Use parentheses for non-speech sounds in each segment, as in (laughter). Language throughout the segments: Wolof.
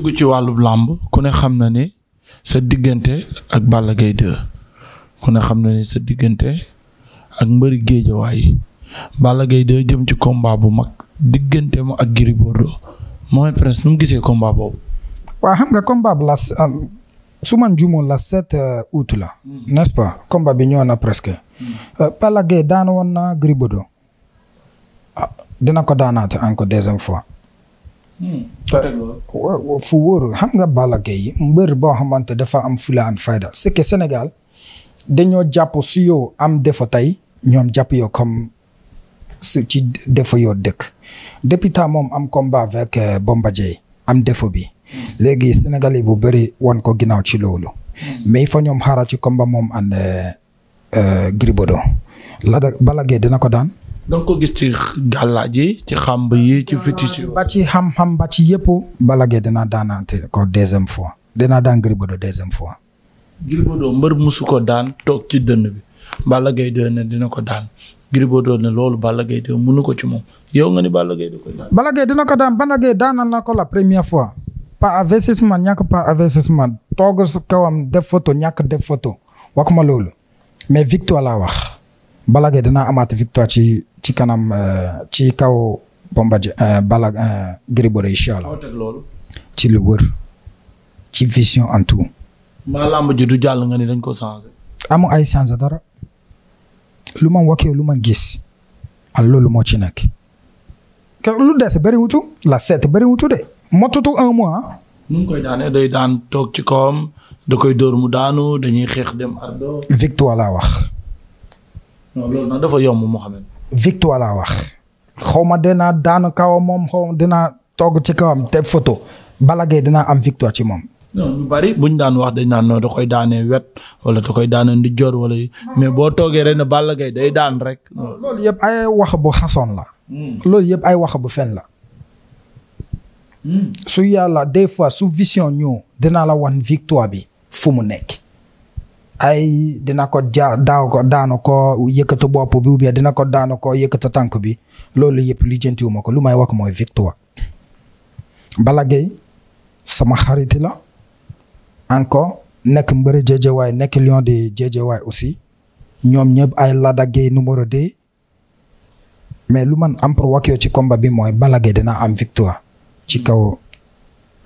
dugg ci wàllu làmb ku ne xam na ni sa diggante ak Balla Gaye 2 ku ne xam na ni sa diggante ak mbëri géejawaay Balla Gaye 2 jëm ci combat bu mag diggante mu ak Gris Bordeaux Mohamed nu mu gisee combat boobu. waa xam nga combat bu la su man juumoon la sept euh, août la. Hmm. nest pas combat bi ñëw na presque. Hmm. Euh, Balla Gaye daan woon na Gris ah, dina ko daanaat encore deuxième fois. Hmm. fu wóoru xam nga Balla Gaye mbër boo xamante dafa am fula an fayda c'est que Sénégal dañoo jàpp su yow am defo tey ñoom jàpp yow comme ci defo yoo dëkk depuis temps moom am combat avec euh, Bombardier am defo bi léegi Sénégalais bu bëri wan ko ginaaw ci loolu hmm. mais il ñoom xaaral ci combat moom and euh, euh, Gris Bordeaux la Balla Gaye dina ko daan da nga ko gis ci gàllaaj yi ci xàmb yi ci fétiche ba ci xam-xam ba ci yëpp. Balla Gaye dina daanaante ko deuxième fois dina daan Gris Bordeaux deuxième fois. Gris mbër musu ko daan toog ci dënn bi Balla Gaye de dina ko daan Gris Bordeaux ne loolu Balla Gaye de ko ci moom yow nga ni Balla Gaye ko daan. Balla Gaye daan Balla Gaye daanal na ko la première fois. par avertissement ñàkk par avertissement toog kawam def photo ñàkk def photo waxuma loolu mais victoire la wax Balla Gaye dina amaat victoire ci. ci kanam euh, ci kaw Bombardier euh, Balla euh, Gris Bordeaux incha allah. ci lu wër ci vision en tout. mbaa làmb ji du jàll nga ni dañ ko changé. amu ay changé dara lu ma wakkee lu ma gis ak loolu moo ci nekk. ke lu des bariwutu la seet bariwutu de motutu un ah. day daan toog ci kawam da koy dóor mu daanu dañuy xeex dem ardo victoire laa wax. non loolu nag dafa yomb Mouhamed. victoire laa wax xaw ma dinaa daanu kaw moom xaw ma dinaa togg ci kawam te photo Balla Gaye dinaa am victoire ci moom. non ñu buñ daan wax dañ naan noo da koy daanee wet wala da koy daanee ndijoor wala mais boo toogee rek ne Balla Gaye day daan rek. loolu yëpp ay wax bu xasoon la. Hmm. loolu yëpp ay wax bu fen la. Hmm. su yàlla des fois su vision ñu dinaa la wan victoire bi fu mu nekk. ay dina ko ja daaw ko daanu ko yëkkatu bopp bi ou bien dina ko daanu ko yëkkatu tànk bi loolu yëpp lijjantiwuma ko lu may wax mooy victoire. Balla Gaye sama xarit la encore nekk mbëri Guédiawaye nekk lion de Guédiawaye aussi ñoom ñëpp ay Lac de Guiers numéro 2 mais lu man am pour ci combat bi mooy Balla Gaye dina am victoire ci kaw.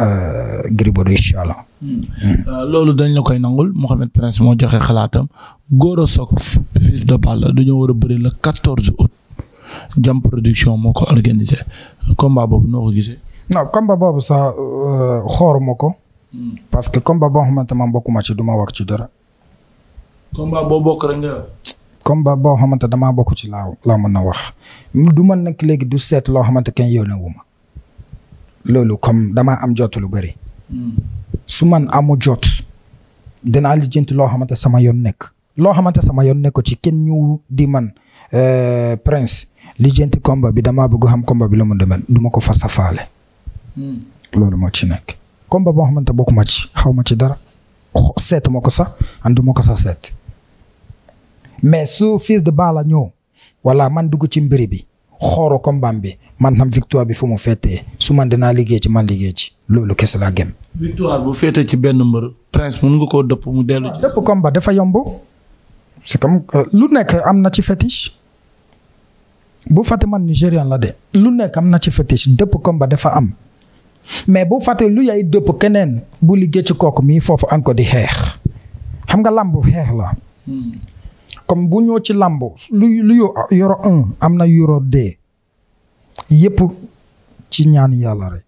Euh, Gris Bordeaux incha allah. Hmm. Euh, loolu dañ la koy nangul Mouhamed Prince moo joxe xalaatam Gora Sock fils de Balla dañoo war a bëri la quatorze août jam production moo ko organisé combat boobu noo ko gisee. non combat boobu sax euh, ko. Hmm. parce que combat boo xamante man bokkuma ci duma wax ci dara. combat boo bokk rek nga. combat boo xamante damaa bokk ci laa laa mën a wax du man nag léegi du seet loo xamante kenn yéene wu ma loolu comme damaa am jot lu bëri. Hmm. su man amu jot. dinaa lijjanti loo xamante sama yoon nekk. loo xamante sama yoon nekk ci kenn ñu di man euh, Prince lijjanti combat bi damaa bëgg xam combat bi la mu demee du ma ko far sa hmm. loolu moo ci nekk. combat boo xamante bokkuma ci xaw ma ci dara. seet ma ko sax andu ma ko sax seet. mais su Fils de baala ñëw. wala man dugg ci mbiri bi. xooro combat bi man xam victoire bi fu mu feetee su man naa liggéey ci man liggéey ci loolu kese laa gëm. victoire bu feetee ci benn mbër prince mun nga koo dëpp mu dellu ci. dëpp combat dafa yomb euh, am na ci fétiche bu fàtte man Nigérian la de lu nekk am na ci fétiche dëpp combat dafa am mais bu fàtte lu yaay dëpp keneen bu liggéey ci kooku mii foofu encore di xeex xam nga làmb xeex la. Hmm. comme bu ñoo ci làmbo lu lu ah, euro un am na euro deux yëpp ci ñaan yàlla rek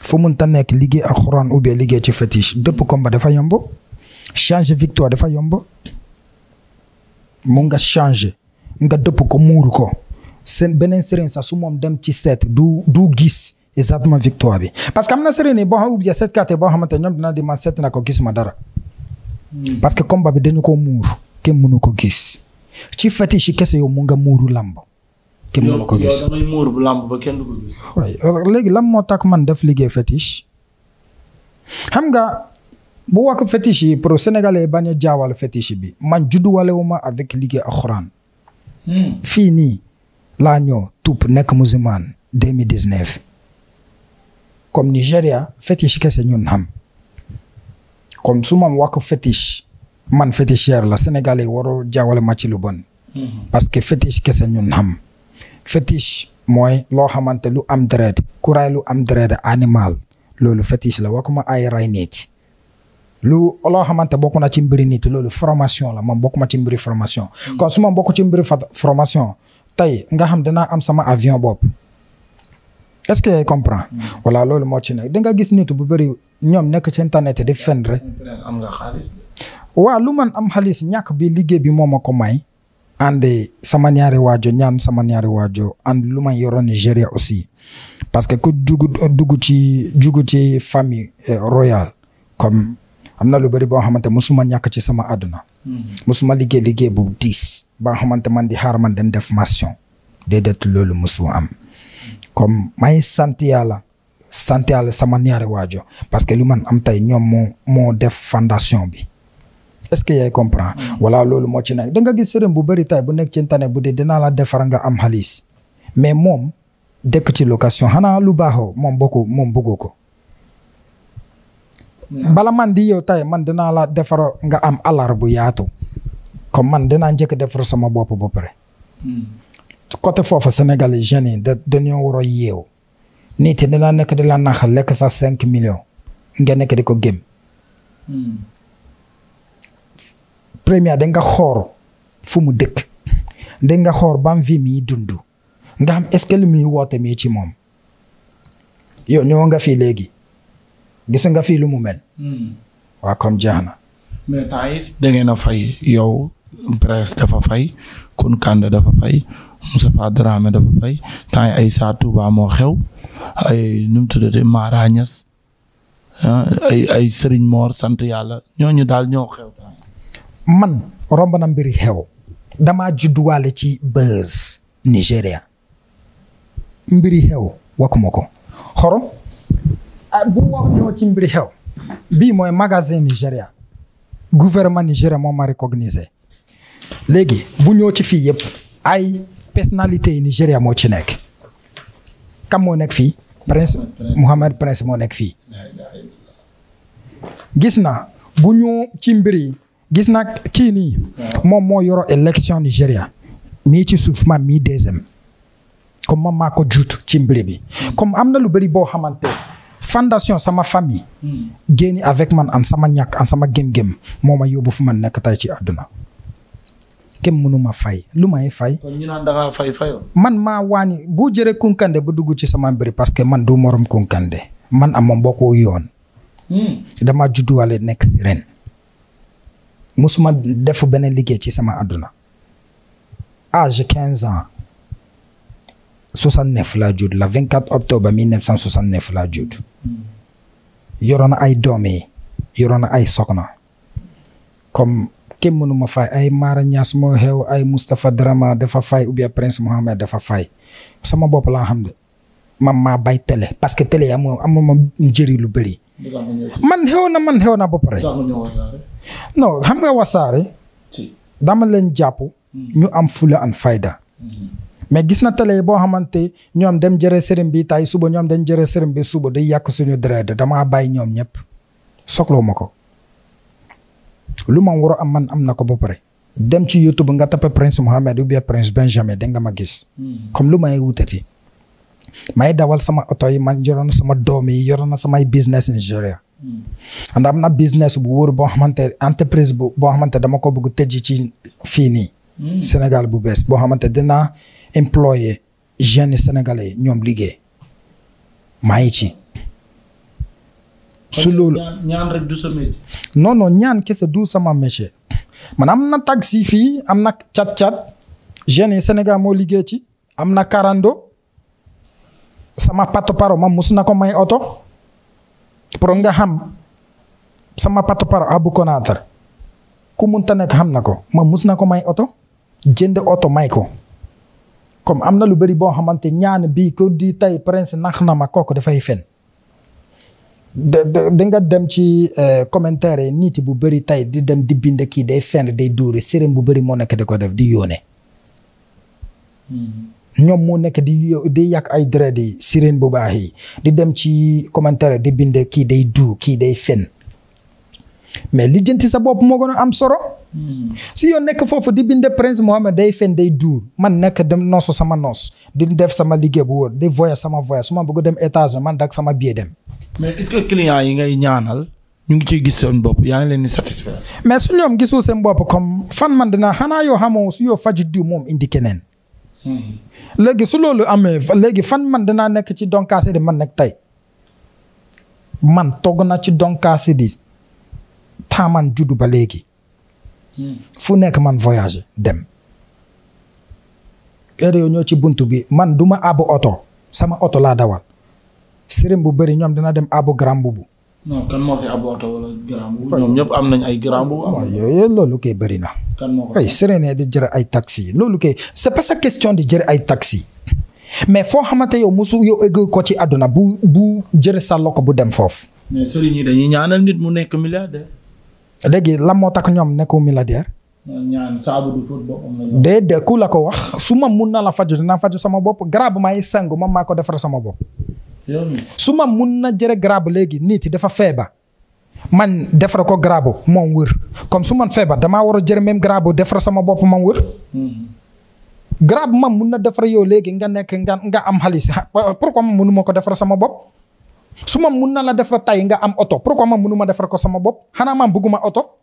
fu mënta nekk liggéey ak xuraan ou bien liggéey ci fétiche dëpp combat dafa yomb changer victoire dafa yomb mu nga changer nga dëpp ko muuru ko seen beneen sëriñ sax su moom dem ci seet du du gis exactement victoire bi parce que am na sëriñ yi boo xam ou bien seetkat yi boo xamante ñoom dina di man seet na ko gis ma dara hmm. parce que combat bi dañu ko muur kenn mënu ko gis ci fétiche yi kese yow mu nga muuru làmb kenn mënu ko ko gis. léegi lan moo takk man def liggéey fétiche xam nga bu wax fétiche yi pour sénégalais bañ a jaawal fétiche bi man judduwalewuma avec liggéey ak hmm. fii nii laa ñëw tuub nekk musulman 2019 comme Nigéria fétiche kese ñun xam comme su ma wax fétiche. man féticheur la Sénégalais waroo jaawale ma ci lu bon. Mhm. parce que fétiche kese ñun xam. fétiche mooy loo xamante lu am deret kuraay lu am deret animal loolu fétiche la waxuma ay ray nit lu loo xamante bokk na ci mbiri nit loolu formation la man bokkuma ci mbiri formation. Mhm. kon su ma bokk ci mbiri formation tey nga xam danaa am sama avion bopp. est ce que comprend mhm. voilà loolu moo ci nekk da nga gis nit bu bëri ñoom nekk ci internet di fen rek. waa lu man am xaalis ñàkk bi liggéey bi moo ma ko may. ànd sama ñaari waajo ñaan sama ñaari waajo ànd lu may yoroon Nigéria aussi parce que ku dugg dugg ci dugg ci famille eh, royal comme am na lu bëri boo xamante musuma ñàkk ci sama àdduna. musuma mm-hmm. liggéey liggéey bu diis. ba xamante man di xaar man dem def formation. déedéet loolu musu am. comme may sant yàlla. sant yàlla sama ñaari waajo parce que lu man am tey ñoom moo moo def fondation bi. es ce que yaay comprend voilà loolu moo ci nekk da nga gis sëriñ bu bëri tay bu nekk ci bu dee dinaa la defar nga am xaalis mais moom dëkk ci location xanaa lu baaxoo moom bokku moom bëggoo ko bala man di yow tay man dinaa la defar nga am alar bu yaatu comme man dinaa njëkk defar sama boppu ba pare côté foofu Sénégal yi jeunes yi da dañoo war a yeewu nekk di la nax lekk sa cinq million nga nekk di ko gém première da nga xool fu mu dëkk da nga xool ban vie mi dund nga xam est-ce que lu woote mii ci moom yow ñëw nga fii léegi gis nga fii lu mu mel. Hmm. waa comme jeex na. mais temps yii a fay yow presse dafa fay kun kànd dafa fay Moustapha Dramé dafa fay temps ay saa Touba xew nu mu tuddati Mara ah, ay ay sant yàlla ñoo ñu daal ñoo xew. man romb na mbiri xew dama judduwaale ci buzz Nigéria mbiri xew wakkuma ko xorom ah, bu wax ñoo ci mbiri xew bii mooy magasin Nigéria gouvernement Nigéria moom ma récogniser léegi bu ñoo ci fii yëpp ay personnalité yi Nigéria moo ci nekk kam moo nekk fii Prince Mohammed moo nekk fii gis na bu ñu ci mbiri gis na kii nii moom moo yoro élection Nigéria mii ci suuf ma mii deuxième comme ma maa ko juut ci mbiri bi comme am na lu bëri boo xamante fondation sama famille génni avec man am sama ñàkk an sama gém-gém moo ma yóbbu fu man nekk tey ci àdduna kenn mënu ma fay lu ma fay. ñu naan da ngaa fay man maa waani bu jëre kunkande bu dugg ci sama mbir parce que man du morom kunkande man am ma mbokku yoon. Hmm. dama judduwaale nekk si ren. musuma def beneen liggéey ci sama àdduna âge quinze ans soixante neuf laa judd la vingt quatre octobre mille neuf cent soixante neuf laa ay doom yi yoroon ay sokna comme kenn mënuma fay ay Mara Niass moo xew ay Moustapha Drama dafa fay ou bien Prince Mohammed dafa fay sama bopp laa xam man maa bay tele parce que télé amul amul ma njëriñ lu bëri. man xew na man xew na ba pare. non xam nga wasaare. dama leen jàpp. Hmm. ñu am fula an fayda. Hmm. mais gis na télé boo xamante ñoom dem jëre sëriñ bi tay suba ñoom dañ jëre sëriñ bi suba day yàq suñu dërët dama bàyyi ñoom ñëpp soxloo ma ko. lu ma war a am man am na ko ba pare. dem ci YouTube nga tappe Prince Mohammed ou bien Prince Benjamin da nga ma gis. Hmm. comme lu may wutati. may dawal sama oto yi man yoroon sama doom yi yoroon samay business Nigeria. and am na business bu wóor boo xamante entreprise bu boo xamante dama ko bëgg tëj ci fii nii. Hmm. bu bes boo xamante dinaa employé jeunes sénégalais ñoom liggéey maa ngi ci. su loolu ñaan ñaan kese du sama métier. man am na taxi fii am na cat cat jeunes yi Sénégal moo liggéey ci am na karando. sama patu paro ma mus na ko may oto pour nga xam sama patu paro Abou Konatar ku munta nekk xam na ko ma mus na ko may oto jënd oto may ko comme am na lu bëri boo xamante ñaan bii ko di tey prince nax na ma kooku dafay fen da nga dem ci eh, commentaire yi nit bu bëri tey di dem di bind kii day fen day duuri sëriñ bu bëri moo nekk di ko def di yóone hmm. ñoom moo nekk di di yàq ay deret yi sirène bu baax yi di dem ci commentaire di bind kii day du kii day fen mais lijjanti sa bopp moo gën am soro hmm. si yow nekk foofu di binde prince Mohammed day fen day duur man nekk dem noosu sama noos di def sama liggée bu wóor di voyage sama voyage su ma bëgg dem états man dak sama billet dem. mais est-ce yi ngay ñaanal. ñu ngi ciy gis seen bopp yaa ngi leen di mais su ñoom gisul seen bopp comme fan man dinaa xanaa yoo xamoo su yoo faju diw moom indi keneen. Hmm. léegi su loolu amee léegi fan man danaa nekk ci donkaasi di man nag tey man togg na ci donkaasi di man juddu ba léegi hmm. fu nekk man voyage dem heure yoo ñoo ci buntu bi man du ma abu oto sama oto laa dawal sirim bu bëri ñoom dina dem abu grand bubu non kan moo fi aborté wala garaam bu ñoom ñëpp am nañ ay garaam bu yooyu loolu kay bëri na. kan moo ay sirene di jër ay taxi loolu kay c'est pas sa di jëre ay taxi mais foo xamante yow musu yow egg ko ci àdduna bu bu jëre sa loko bu dem foofu. mais sëriñ yi mu nekk milliardaire. léegi lan moo tax ñoom nekku milliardaire. ñaan saabu du la. ko wax su ma mun na la faj dinaa faju sama bopp garab maa yi sangu ma maa ko defar sama bopp. su ma mun na jëre garab léegi nit dafa feebar man defar ko garabo moom wër comme su man feebar damaa war a jëre même garabo defar sama bopp man wër mm-hmm. garab man mun na defar yow léegi nga nekk nga nga am xaalis pourquoi mënuma ko defar sama bopp su ma mun na la defar tay nga am oto pourquoi man mënuma defar ko sama bopp xanaa man bëgguma oto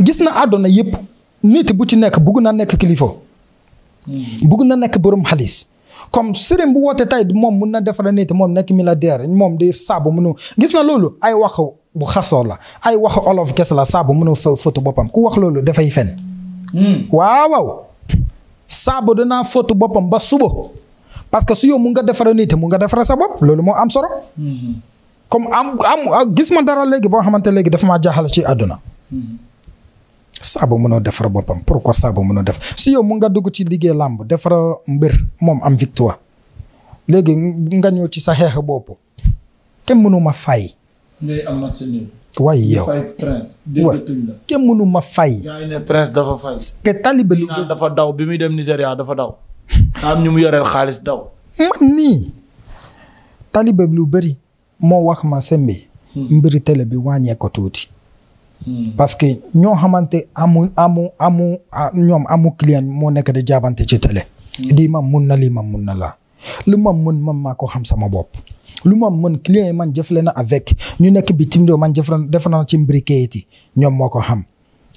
gis na àdduna yëpp nit bu ci nekk bëgg na nekk kilifa. Mm-hmm. bëgg na nekk borom xaalis comme sëriñ bu woote tey moom mun na defara nit moom nekk milliardaire moom di saabu mënu gis na loolu ay wax bu xasoo la ay wax olof kese la saabu mënu fa fotu boppam ku wax loolu dafay fen hmm. waawaw waaw saabu danaa fotu boppam ba suba parce que su yow mu nga defara nit mu nga defara sa bopp loolu moo am solo hmm. comme am am gis ma dara léegi boo xamante léegi dafa maa jaaxal ci àdduna hmm. saaba mënoo defar boppam pour pourquoi saaba mënoo def si yow mu nga dugg ci liggéey làmb defar mbër moom am victoire léegi nga ñëw ci sa xeex bopp kenn mënu ma fay. am match nul. waaye kenn mënu ma fay. yaa ngi ne prince dafa fay. dafa daw bi muy dem Nigéria dafa daw. (laughs) am ñu mu yoreel xaalis daw. man lu bari moo wax ma sembe. Hmm. mbiri télé bi wàññee ko tuuti. Hmm. parce que ñoo xamante amu amu amu ñoom amu client moo nekk di jaabante ci télé. Hmm. di man mun na li man mun na la lu man mun man maa ko xam sama bopp. lu ma mën client yi man jëfle na avec ñu nekk bitim réew man jëfle def na ci mbiri kayit yi ñoom moo ko xam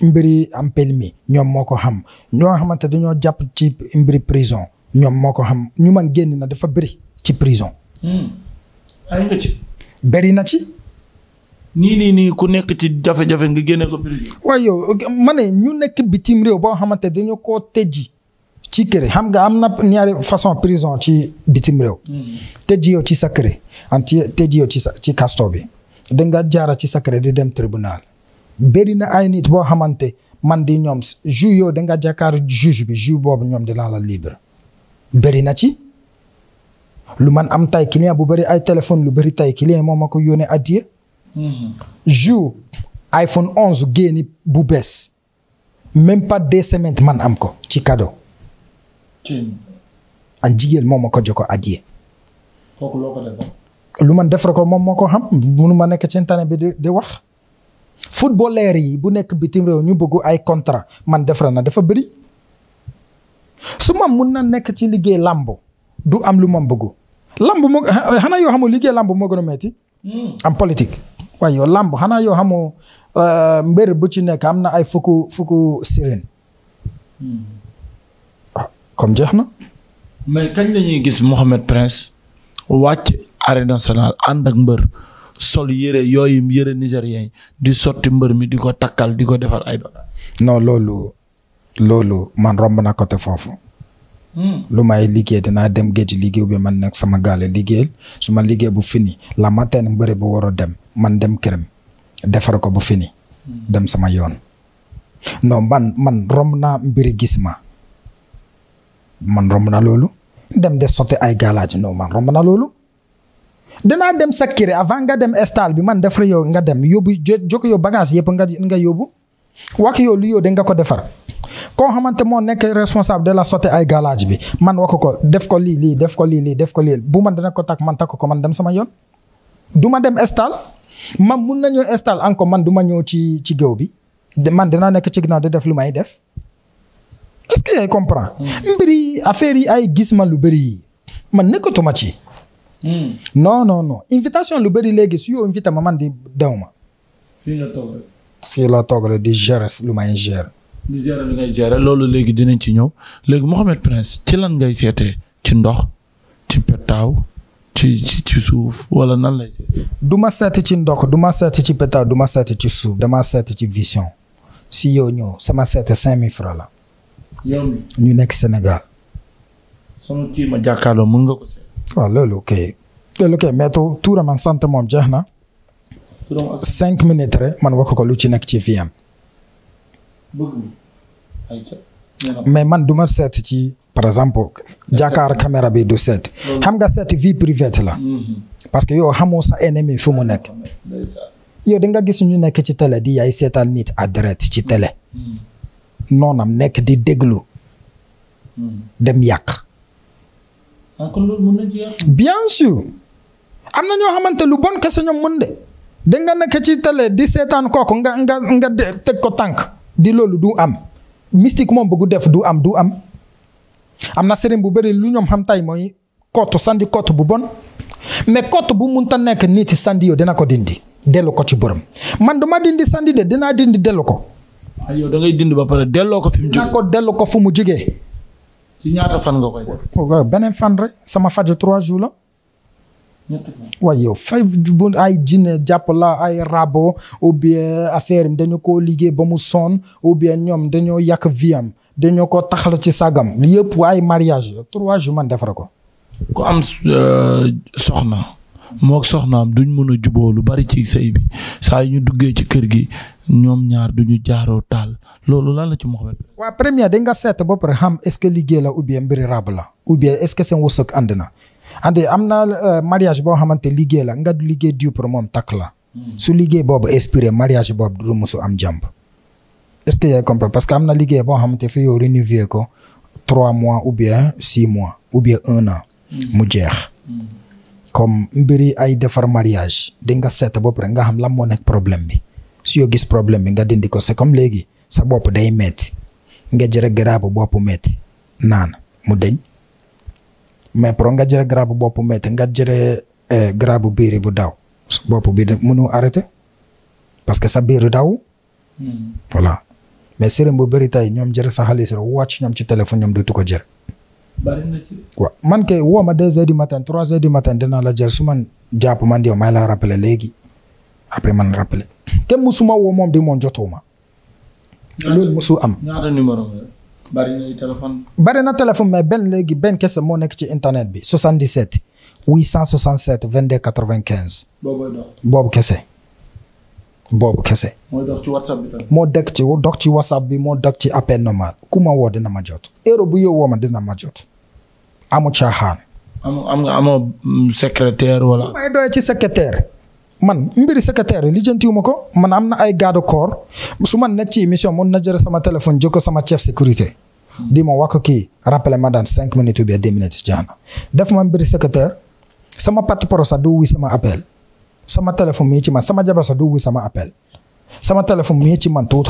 mbiri am pelmi ñoom moo ko xam ñoo xamante dañoo jàpp ci mbiri prison ñoom moo ko xam ñu man génn na dafa bëri ci prison. Hmm. ay ci. nii nii nii ku nekk ci jafe-jafe nga génne ko prix. waaye yow ma ne ñu nekk bitim réew boo xamante dañu koo tëjji ci kër xam nga am na ñaari façon prison ci bitim réew. Hmm. tëjji yow ci sa kër am ci tëjji ci sa ci kasto bi. danga jaara ci sa kër dem tribunal. bëri na ay nit boo xamante man di ñoom ju yow danga jàkkaar juge bi ju boobu ñoom di laa la libre. bëri na ci. lu man am tay client bu bëri ay téléphone lu bëri tay client moom ma ko yónnee adiya jour iPhone 11 génni bu bees même pas deux semaines man am ko ci cadeau. an jigéen moom ma ko jox ko adiya. kooku ko lu man defar ko moom moo ko xam munu ma nekk ci internet bi di wax. footballeur yi bu nekk bitim réew ñu bëgg ay contrat man defar na dafa bëri. su ma mun na nekk ci liggéey lamb du am lu ma bëgg. lamb moo xanaa yoo xamul liggéey lamb moo gën a metti hmm. am politique. waaye yow làmb xanaa yoo xamoo euh, mbër bu ci nekk am na ay fukku fukku sirène hmm. ah, comme jeex na. mais kañ la ñuy gis Mouhamed Prince wàcc arène nationale ànd ak mbër sol yëre yooyu yëre nigérien di sotti mbër mi di ko takkal di ko defar ay. non loolu loolu man romb na côté foofu. Hmm. lu may liggéey dinaa dem géej liggéey bi man nekk sama gaale liggéey su ma liggéey bu fini la matin mbëre bu war a dem man dem këram defar ko bu fini hmm. dem sama yoon no man man romb naa mbiri gis ma man romb na loolu dem de sotti ay galaaj non man romb na loolu danaa dem sa kër avant nga dem estal bi man defar yow nga dem yobu jokk yow bagage yëpp nga nga yóbbu wax yow lu yow nga ko defar koo xamante moo nekk responsable de la sotte ay galage bi man wax ko def ko lii lii def ko lii lii def ko lii bu man dana ko tak man takk ko man dem sama yoon du ma dem install man mun nañoo install encore man du ma ñëw ci ci géew bi man dinaa nekk ci ginnaaw di def lu may def est que yaay comprend hmm. mbir yi affaire yi ay gis ma lu bëri yi man nekkatuma ci hmm. no non non invitation lu bëri léegi si yow invité ma man di dew ma fii la toog di gérer lu may gérer di gérer li ngay loolu léegi dinañ ci ñëw léegi Mouhamed Prince ci lan ngay seete ci ndox ci pettaaw ci ci suuf wala nan lay seetee. du ma seet ci ndox du ma seet ci pettaaw du ma seet ci suuf dama seet ci vision si yow ñëw sama seet cinq mille francs la. yow ñu nekk Sénégal. sama kii ma jàkkaarloo mën nga ko seet. waaw loolu kay. loolu kay mais tuura man sant moom jeex na. cinq minutes rek man wax ko lu ci nekk ci fii bëgg man du ma seet ci par exemple jàkkaar caméra bi du seet xam nga seet vie privée la mhm. parce que yow xamoo sa ennemi fu mu nekk yow da nga gis ñu nekk ci télé di yaay seetal nit à direct ci télé mhm. noonam nekk di déglu mhm. dem yàq ah, bien sûr am na ñoo xamante lu bon kese ñoom mën de nga nekk ci télé di seetaan kooku nga nga nga teg ko tànk di loolu du am mystique moom bëggu def du am du am am na sëriñ bu bëri lu ñoom xam tey mooy kott sandi kott bu bon mais kott bu mun ta nekk nit ci sandi yow dina ko dindi dellu ko ci borom man duma dindi sandi de dinaa dindi dellu ko. yow da ngay dindi ba pare delloo ko fi mu jógee. ko delloo ko fu mu jógee. ci fan nga koy beneen fan rek sama faj trois jours la. waaye yow fay bu ay jinne jàpp la ay rabo ou bien affaire yi dañu ko liggéey ba mu sonn ou ñoom dañoo yàq viam dañoo ko taxal ci sagam li yëpp ay mariage trois jours man defar ko. ku am euh, soxna. moo soxna soxnaam duñu mën a juboo lu bari ci sëy bi saa yu ñu duggee ci kër gi ñoom ñaar duñu jaaroo taal loolu lan na ci Mouhamed. waa première da seet ba pare xam est-ce que liggéey la ou bien mbiri rab la ou bien est-ce que seen wërsëg ànd na ande am na euh, mariage boo xamante liggéey la nga liggéey diw pour moom takk la hmm. su liggéey boobu expiré mariage boobu du musu am jàmb est-ce parce que am na liggéey boo xamante fii yow renouveler ko trois mois ou bien six mois ou bien un na hmm. mu jeex hmm. comme mbiri ay defar mariage di nga seet ba pare nga xam lan moo problème bi su yoo gis problème bi nga dindi ko c'est comme léegi sa bopp day metti nga jëre garaabu bopp metti naan mu deñ mais pour nga jëlee garabu bopp métti nga jëlee eh, garabu biir bu daw bopp bi de mënu arrêté parce que sa biir daw. Hmm. voilà mais sëriñ bu bëri tey ñoom jël sa xaalis wu wàcc ñoom ci téléphone ñoom dootu ko jël. man kay woo ma deux heures du matin trois heures la jël su man jàpp man yow may la rappeler léegi après man rappeler. kenn musuma woo moom di moom jotuma. loolu musu am. bari na téléphone. bari na téléphone mais benn léegi benn kese moo nekk ci internet bi 77 867 22 95. boobu dox boobu kese. boobu kese. moo dox ci whatsapp bi moo dëkk ci dox ci whatsapp bi moo dëkk ci appel normal ku ma woo dina ma jot. euro bu yow woo ma dina ma jot. amu caaxaan. amu am nga amoo mm, secrétaire wala. may doy ci secrétaire. man mbiri secrétaire lijjantiwuma ko man am na ay garde corps su man nekk ci émission mun na jël sama téléphone jokkoo sama chef sécurité ma moi Wakoki, rappelle ma dans 5 minutes ou bien 10 minutes. Def-moi un secrétaire. Sama pati poro sa douwi sama appel. Sama téléphone mi ci man. Sama jabar sa douwi sama appel. Sama téléphone mi ci man tout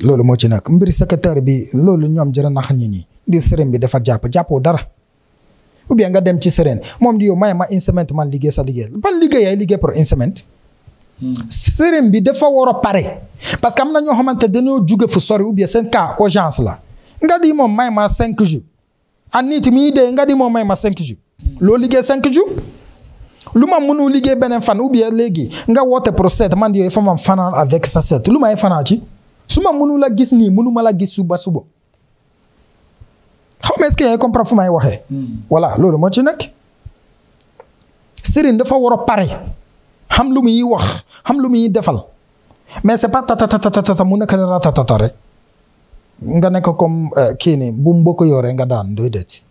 loolu moo ci nekk mbiri secrétaire bi loolu ñoom jërë nax ñi nii di sëriñ bi dafa jàpp jàppoo dara ou bien nga dem ci sëriñ moom di yoo may ma une semaine man liggéey sa liggéey ban liggéey yaay liggéey pour une semaine. Hmm. sëriñ bi dafa war a pare. parce que am na ñoo xamante dañoo jóge fu sori ou bien seen cas urgence la nga di moom may ma cinq jours a nit mi dee nga di moom may ma cinq jours loo liggéey cinq jours lu ma mënul liggéey beneen fan ou bien léegi nga woote procès man yooyu fa ma fanaan sa set lu may fanaan ci su ma mënul la gis nii mënuma la gis suba suba xam nga est-ce fu may waxe hmm. voilà loolu moo ci nekk. Serigne dafa war a pare xam lu muy wax xam lu muy defal. mais c'est pas tatatatata mu nekk ratatata rek nga nekk comme kii nii bu mu yore nga daan doy dëcc.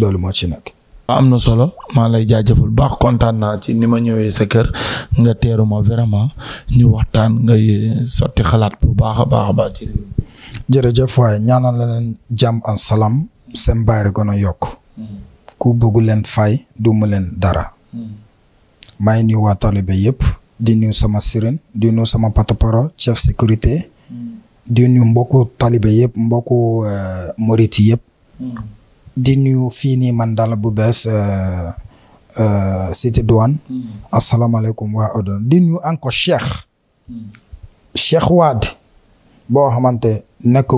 loolu moo ci nekk. am na solo maa lay jaajëfal baax kontaan naa ci ni ma ñëwee sa kër nga teeru ma vraiment ñu waxtaan ngay sotti xalaat bu baax a baax a baax ci réew mi. jërëjëf waaye ñaanal la leen jàmm an salaam seen baari gën a yokk. Hmm. ku bëgg leen fay du mu leen dara. Hmm. may nuyu waa taalibe yépp di nuyu sama sëriñ di nuyu sama porte-parole chef sécurité mm. di nuyu mbokku talibe yëpp mbokku euh, moriti yëpp. Mm. di nuyu fii nii man daal bu bees euh, euh, cité douane. Mm. asalaamaaleykum waa Odon di nuyu encore Cheikh. Cheikh Wade boo xamante nekk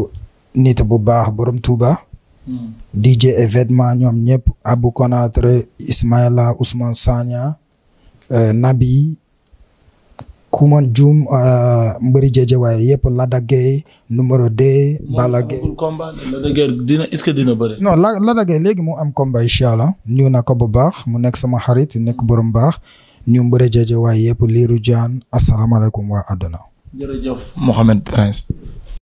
nit bu baax borom Touba. DJ événement ñoom ñëpp Abou Konatre Ismaïla Ousmane Sagna Nabi. ku man juum uh, mbëri Géejawaay yëpp Lada Gueye numéro 2. Balla Gueye Lada Gueye dina est-ce que dina bëri. Lada Gueye léegi mu am combat incha allah nuyu na ko bu baax mu nekk sama xarit nekk borom baax ñu mbëri Géejawaay yëpp liiru jaan asalaamaaleykum waa àdduna. jërëjëf Mouhamed